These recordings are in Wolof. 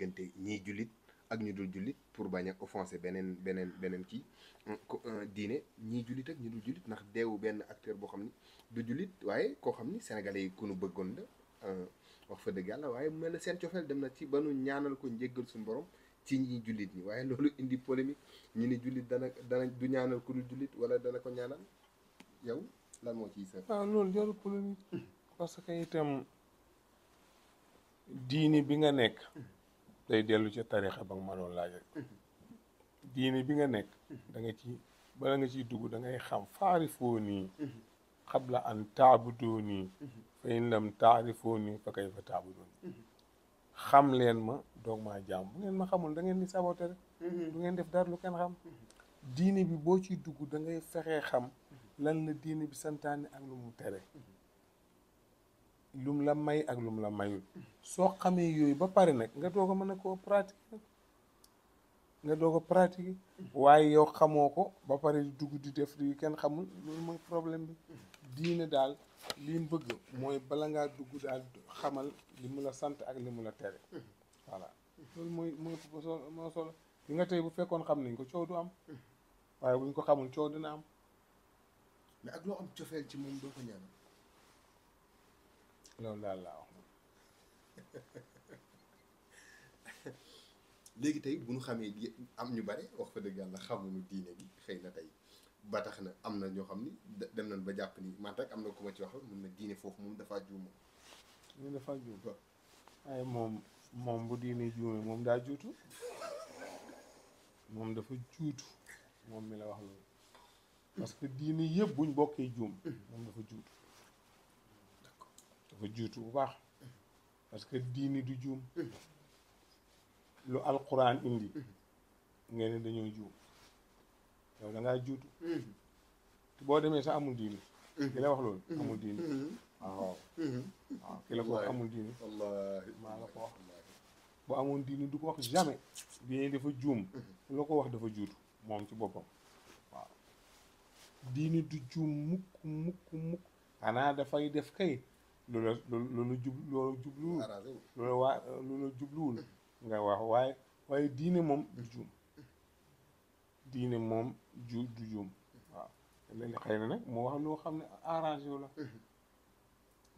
diggante ñii jullit ak ñu dul jullit pour bañ a offensé beneen beneen beneen kii euh, euh, diine ñii jullit ak ñu dul jullit ndax deewu benn acteur boo xam ni du jullit waaye koo xam ni sénégalais yi ku nu bëggoon la euh, wax fa dëgg yàlla waaye mel na seen cofeel dem na ci ba ñaanal ko njéggal suñu borom ci ñi jullit ñi waaye loolu indi polémique ñu ni jullit dana du ñaanal ku dul wala dana ko ñaanal yow moo ciy seet. waaw loolu jarul polémique parce que itam diini bi nga nekk. day dellu ca tarixa ba nga ma doon laaj rek diine bi nga nekk da nga ci bala nga ciy dugg da ngay xam faarifoo nii xabla an taabudoo nii fa in lam taarifoo nii fa kay fa taabudoo nii xam leen ma doog maa jaam bu ngeen ma xamul da ngeen di saboté rek du ngeen def dara lu kenn xam diine bi boo ciy dugg da ngay fexee xam lan la diine bi santaane ak lu mu tere lum la may ak lum la mayul soo xamee yooyu ba pare nag nga doog a mën a koo pratiquer nga doog a pratiquer waaye yow xamoo ko ba pare dugg di def di kenn xamul loolu mooy problème bi daal li bëgg mooy bala ngaa dugg daal xamal li mu la sant ak li mu la tere voilà loolu mooy mooy moo nga tey bu fekkoon xam nañ ko coow du am waaye buñ ko xamul coow dina am mais ak loo am cofeel ci moom doo ko ñaan loolu daal laa wax léegi tey bu ñu xamee am ñu bare wax fa dëgg yàlla xamuñu diine gi xëy na tey ba tax na am na ñoo xam ni dem nañ ba jàpp ni man rek am na ku ma ci waxal mun na diine foofu moom dafaa juum. dafa moom moom bu moom daa juutu moom dafa juutu mi la wax loolu parce que diine yëpp buñ bokkee juum moom dafa juutu. dafa juutu bu baax parce que diini du juum lu alquran indi ngeen ne dañoo juum yow da juutu te boo demee sax amul diini ki la wax loolu amul diini waaw ko wax amul diini maa amoon diini du ko wax jamais dafa juum loo ko wax dafa juutu moom ci boppam waaw diini du juum mukk mukk mukk xanaa dafay def kay lu la lu la jub loolu jubluwul lu waa lu la jubluwul nga wax waaye waaye diine moom du juum diine moom ju du juum waaw léegi xëy na nag moo wax loo xam ne arrangé wu la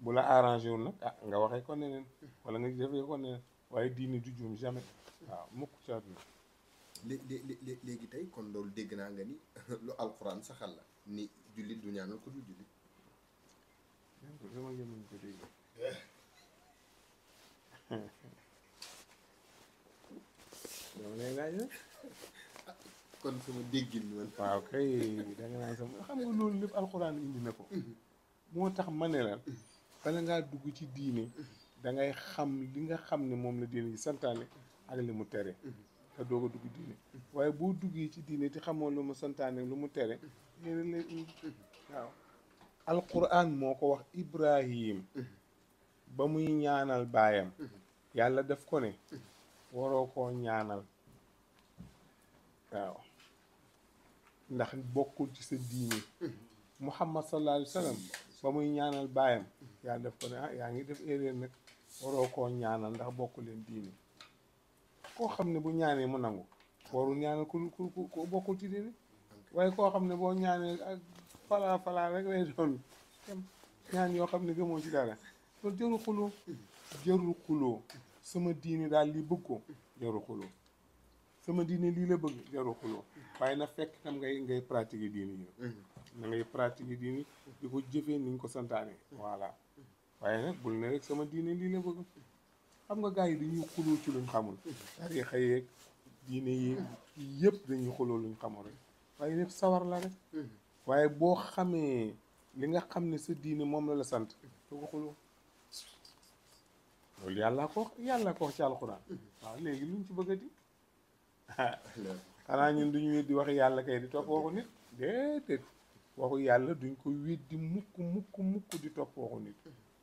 bu la arrangé nag ah, nga waxe ko neneen wala nga defee ko neneen waaye diine du juum jamais waaw mukk ci àdduna léegi tey kon loolu dégg naa nga ni lu alxuraan saxal la ni jullit du ñaanal ko du jullit sama gémmiñ ko dégg dama lay laaj rek kon sama déggin man waaw kay da naan sama xam nga loolu lépp alxuraan indi na ko moo tax ma ne la bala ngaa dugg ci diine dangay xam li nga xam ne moom la diine yi santaane ak li mu tere te doog a dugg diine waaye boo duggee ci diine te xamoon lu mu santaane lu mu tere léeg-léeg waaw alquran moo ko wax ibrahim mm-hmm. ba muy ñaanal baayam mm-hmm. yàlla def ko ne mm-hmm. waroo koo ñaanal waaw ndax bokkul ci sa diine muhammad sallallahu alayhi ba muy ñaanal baayam yàlla def ko ne ah yaa ngi def erreur nag waroo koo ñaanal ndax bokkul leen diine koo xam ne bu ñaanee mu nangu warul ñaanal ku bokkul ci diine waaye koo xam ne boo ñaanee ah, falaa falaa rek lay doon ñaan yoo xam ne gëmoo ci dara loolu jarul xuloo jarul xuloo sama diine daal lii bëgg ko jarul xuloo sama lii la bëgg jarul xuloo waaye na fekk nga yi ngay pratiquer diine yi na ngay pratiquer diine di ko jëfee ni ñu ko santaane voilà waaye nag bul ne rek sama diine lii la bëgg xam nga gars yi dañuy xuloo ci luñ xamul tariixa yeeg diine yi yëpp dañuy xuloo luñ xamul rek waaye lépp sawar la rek waaye boo xamee li nga xam ne sa diine moom la la sant doo xuloo loolu yàlla ko yàlla ko wax ci waaw léegi luñ ci bëggati xanaa ñun duñu weddi wax yàlla kay di topp waxu nit déedéet waxu yàlla duñ ko weddi mukk mukk mukk di topp waxu nit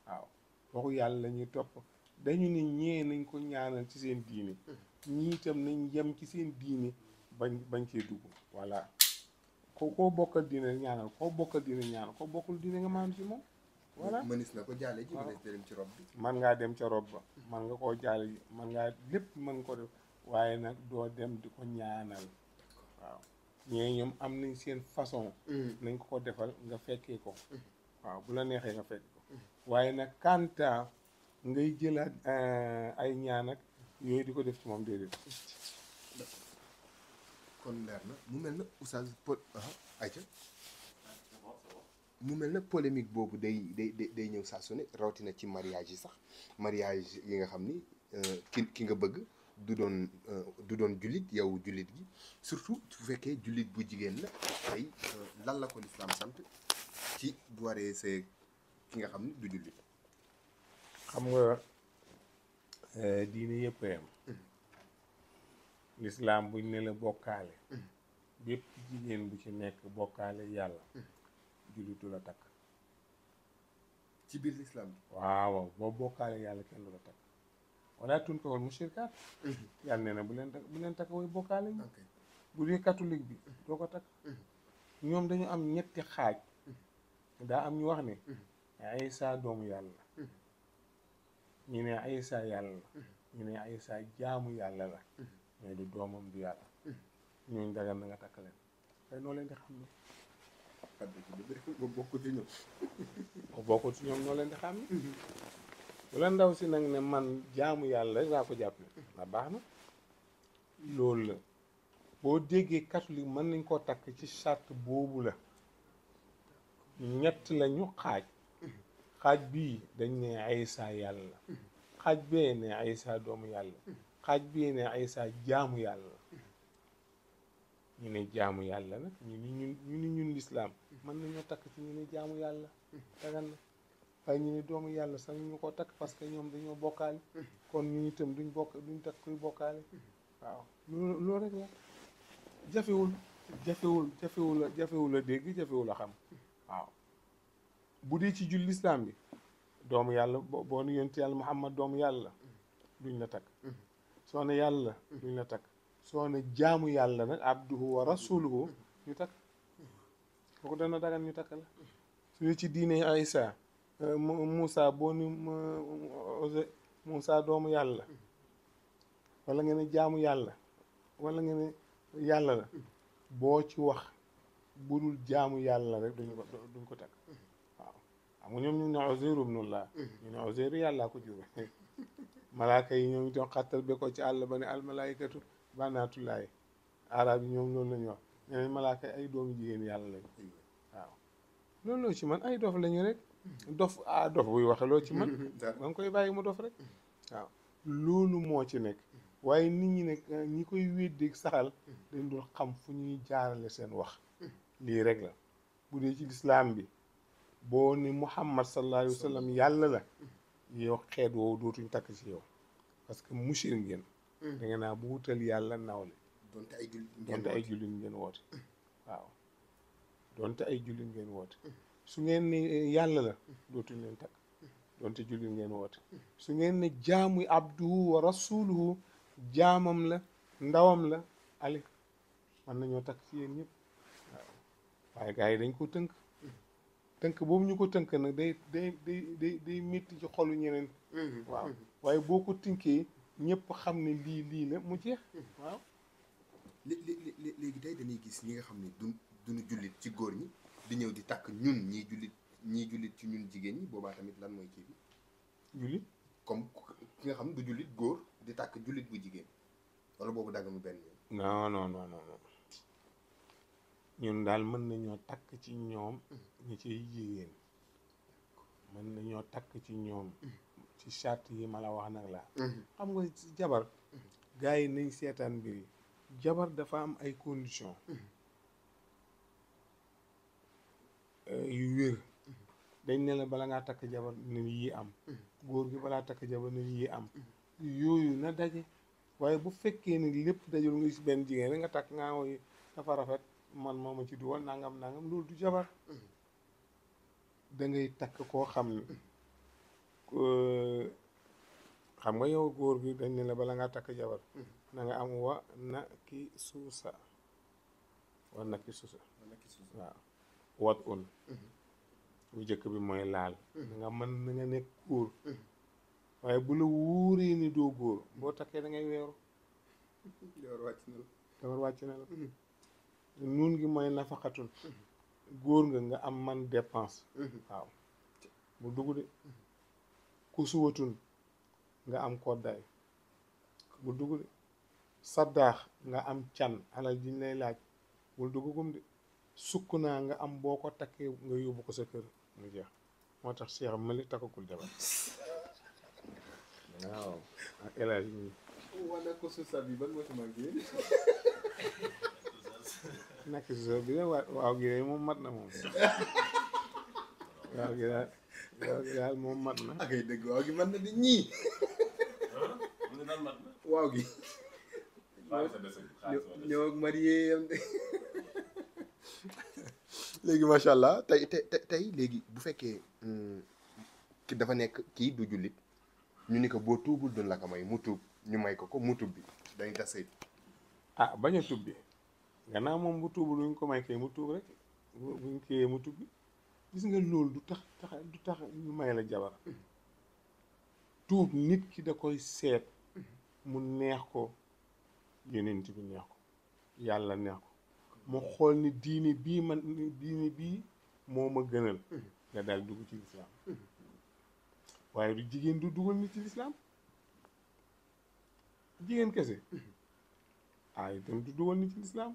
waaw waxu yàlla la ñuy topp dañu ne ñee nañ ko ñaanal ci seen diine ñii itam nañ yem ci seen diine bañ bañ cee dugg voilà ko koo bokkal diine ñaanal koo bokkal diine ñaanal koo bokkul diine nga maam si moom. voilà mënees na ko jaale ji mënees na dem ci rob bi. man ngaa dem ca rob ba man nga koo jaale ji man ngaa lépp mën ko def waaye nag doo dem di ko ñaanal waaw ñee ñoom am nañ seen façon. Mm. nañ ko ko defal nga fekkee ko. Mm. waaw bu la neexee nga fekk ko. Mm. waaye nag kanta ngay jëlaat eh, ay ñaan ak yooyu di ko def ci moom déedéet. kon leer na mu mel na oustaz po ah, ayca mu mel na polémique boobu day day day ñëw saa ne rawatina ci mariage yi sax mariage yi nga xam ni euh, ki ki nga bëgg du doon euh, du doon jullit yow jullit gi surtout su fekkee jullit bu jigéen la tey euh, lan la ko lislaam sant ci bu see ki nga xam ni du jullit xam nga diine yëpp yam lislaam buñ ne la bokkaale mm-hmm. bépp jigéen bu ci nekk bokkaale yàlla mm-hmm. jullitu la takk ci biir lislaam bi waaw boo bokkaale yàlla kenn du la takk wala tun ko wal mushrikaat mm-hmm. yàlla nee bu leen takk bu bokkaale ñu bu dee catholique bi doo ko takk ñoom dañu am ñetti xaaj daa am ñu wax ne ay doomu yàlla ñu ne Aïssa yàlla la ñu ne Aïssa jaamu yàlla la mais du doomam du yàlla. ñooñu dagan na nga takk leen. tey noo leen di xam ne. ci ñoom. nga bokkut bu la ndaw si nag ne man jaamu yàlla rek laa ko jàppe ndax baax na. loolu la boo déggee catholique mën nañ koo takk ci charte boobu la ñett lañu ñu xaaj. xaaj bii dañ ne Aysa yàlla xaaj bee ne Aïssa doomu yàlla xaaj bee ne Aïssa jaamu yàlla ñu ne jaamu yàlla nag ñu ni ñun ñu lislaam mën nañoo takk ci ñu ne jaamu yàlla dagan na waaye ñu ne doomu yàlla sax ñu ko takk parce que ñoom dañoo bokkaale kon ñu itam duñ bokk duñ takk kuy bokkaale waaw loolu loolu la jafewul jafewul jafewul jafewul a dégg jafewul a xam waaw bu dee ci jul lislaam bi doomu yàlla boo nu yonent yàlla Muhammad doomu yàlla duñ la takk soo ne yàlla duñ la takk soo ne jaamu yàlla nag abduhu wa rasuluhu ñu takk kooku dana dagan ñu takk la su ci diine Aïssa euh, Moussa boo ni Moussa doomu yàlla wala nga jaamu yàlla walla nga yàlla la boo ci wax budul jaamu yàlla rek duñ ko duñ ko takk xam ñoom ñu ne Uzayru ibnullah uhm. ñu ne Uzayru yàllaa ko jur malaaka yi ñoom itam xattal be ko ci àll ba ne almalaykatu banaatullaay arab yi ñoom loolu la ñu wax ñeneen malaaka yi ay doomu jigéen yàlla lañ man ay dof lañu rek uhm. dof ah dof buy waxe loo ci man uhm. da koy bàyyi mu dof rek waaw loolu moo ci nekk waaye nit ñi nag eh, ñi koy weddeeg saxal dañ dul xam fu ñuy jaarale seen wax lii rek la bu dee ci lislaam bi boo ni muhammad sallallahu alayhi wa sallam yàlla la yow xeet woowu dootuñ takk ci yow parce que mushir ngeen mm. da nga naa bu wutal yàlla nawle donte ay jullit ngeen donte ay jullit ngeen woote mm. waaw donte ay jullit ngeen woote su ngeen ne eh, yàlla la mm. dootuñ leen takk donte jullit ngeen woote su ngeen ne jaamu abduhu wa rasuluhu jaamam la ndawam la ali mën nañoo takk ci yéen ñëpp waaw waaye gars yi dañ ko tënk tënk boobu ñu ko tënk nag day day day day day ci xolu ñeneen. Mm-hmm. waaw mm-hmm. waaye boo ko tënkee ñëpp xam ne lii lii la mu jeex. Mm-hmm. waaw léegi tey dañuy gis ñi nga xam ne du jullit ci góor ñi di ñëw di takk ñun ñii jullit ñii jullit ci ñun jigéen ñi boobaa tamit lan mooy ci bi. jullit comme ki nga xam ne du jullit góor di takk jullit bu jigéen wala boobu dagg mu benn yoon. non non ñun daal mën nañoo takk ci ñoom ñu ciy jigéen mën nañoo takk ci ñoom ci charte yi ma la wax nag laa xam nga ci jabar gars yi nañ seetaan mbir yi jabar dafa am ay condition yu wér dañ ne la bala ngaa takk jabar na yi am góor gi balaa takk jabar na am yooyu na daje waaye bu fekkee ne lépp dajul nga gis benn jigéen rek nga takk ngaa woy dafa rafet man moo ma ci duwal nangam nangam loolu du jabar da takk koo xam ne xam nga yow góor bi dañ ne la bala ngaa takk jabar na am wa na ki suusa wa na ki suusa waaw wat un bu njëkk bi mooy laal na man mën na nga nekk góor waaye bu la wuuree ni doo góor boo takkee da ngay weeru jabar wàcc na la jabar wàcc na nuun gi mooy nafaqatun góor nga nga am man dépense mhm. waaw mu dugg de kusuwatun nga am koddaay bu dugg de saddaax nga am can alal jiñ lay laaj bul duggagum de sukk naa nga am boo ko takkee nga yóbbu ko sa kër mu jeex moo tax Cheikh Mali takkagul jabar waaw ak El mi nekk si suuf bi de waaw gi de moom mat na moom waaw gi daal waaw gi daal moom mat na. ak ay gi mat na di ñii. léegi macha allah tey tey tey léegi bu fekkee ki dafa nekk kii du jullit ñu ni ko boo tuubul dun la ko may mu tuub ñu may ko ko mu bi dañ tasay ah bañ a tubbi gannaaw moom bu tuubul bu ñu ko may kay mu tuub rek bu ñu kiyee mu tuub gis nga lool du tax tax du tax ñu may la jabar tuub nit ki da koy seet mu neex ko yenent bi neex ko yàlla neex ko mu xool ni diini bii ma diini bii moo ma gënal nga daal dugg ci lislaam waaye du jigéen du dugal nit ci lislaam jigéen kese aay tam du dugal nit ci lislaam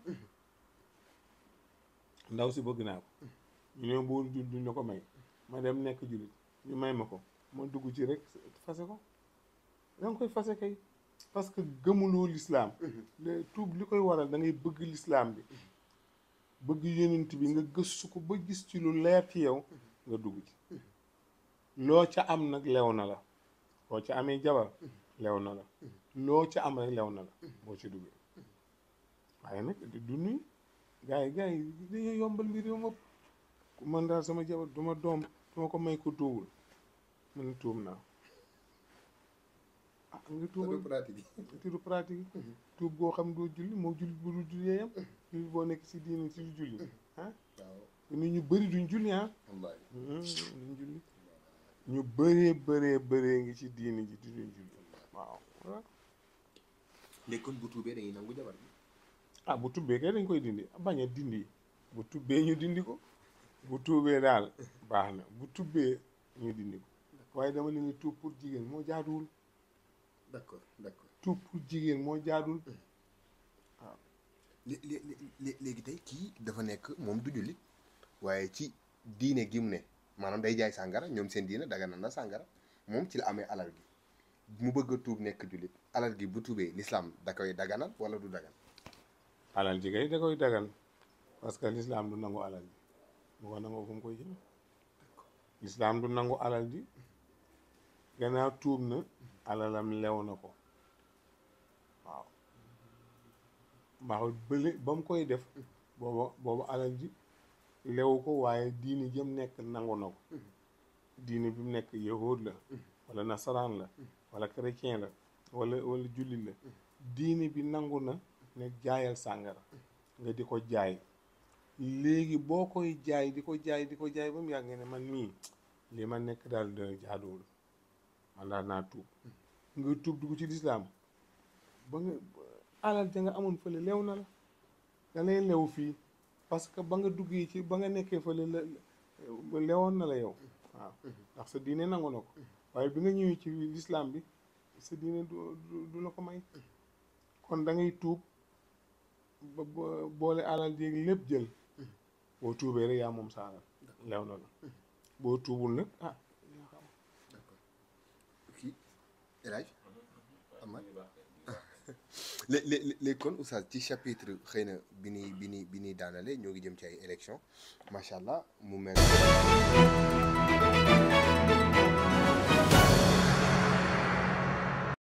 ndaw si bëgg naa ko ñu ne bu dul duñ la ko may ma dem nekk jullit ñu may ma ko ma dugg ci rek fase ko da koy fase kay parce que gëmuloo lislaam tuub li koy waral dangay bëgg lislaam bi bëgg yonent bi nga gëstu ko ba gis ci lu leer ci yow nga dugg ci loo ca am nag lew na la boo ca amee jabar lew na la loo ca am rek lew na la boo ci duggee waaye nag du nuy gars yi gars yombal mbir yi moom man daal sama jabar duma doom du ko may ko tuubul man tuub naa ah nga tuubal pratique tuub pratique mhm. tuub goo xam doo julli moo julli bu dul julli yam mhm. julli boo nekk ci diine si du julli mhm. ah nit ñu bari duñ julli ah duñ julli ñu bëree bëree bëree ngi ci diine ji duñ julli waaw léegi kon bu ah bu tubbee kay dañ koy dindi bañ a dindi bu tubbee ñu dindi ko bu tuubee daal baax na bu tubbee ñu dindi ko waaye dama leen di tuub pour jigéen moo jaaduwul. d'accord d'accord tuub pour jigéen moo jaaduwul. waaw hmm. ah. lé léegi tey kii dafa nekk moom du jullit waaye ci diine gi mu ne maanaam day jaay sàngara ñoom seen diine daga na na sàngara moom ci la amee alal gi mu bëgg a tuub nekk jullit alal gi bu tuubee lislaam da koy daganal wala du daganal. alal ji kay da koy dagan parce que l'islam du nangu alal ji bu ko nangoo fu mu koy jël l'islam du nangu alal ji gannaaw tuub na alalam lew na ko waaw maaxul bële ba koy def booba booba alal ji lewu ko waaye diini jëm nekk nangu na ko diini bi mu nekk yahood la wala nasaraan la wala chrétien la wala wala jullit la diini bi nangu na ne jaayal sàngara nga di ko jaay léegi boo koy jaay di ko jaay di ko jaay ba mu yàgg nga ne man mii li ma nekk daal da jaaduwul man daal naa tuub nga tuub dugg ci lislaam ba nga alal ja nga na la da fii parce que ba nga duggee ci ba nga nekkee fële lewoon na la yow waaw ndax sa waaye bi nga ñëwee ci lislaam bi sa diine du la ko may kon da tuub boole alal jéeg lépp jël boo tuubee rek yaa moom sa alal lew na la hmm. boo tuubul nag ah, ah. léegi kon oustaz ci chapitre xëy na bi ñuy bi ñuy bi ñuy daanale ñoo ngi jëm ci ay élection macha allah mu mel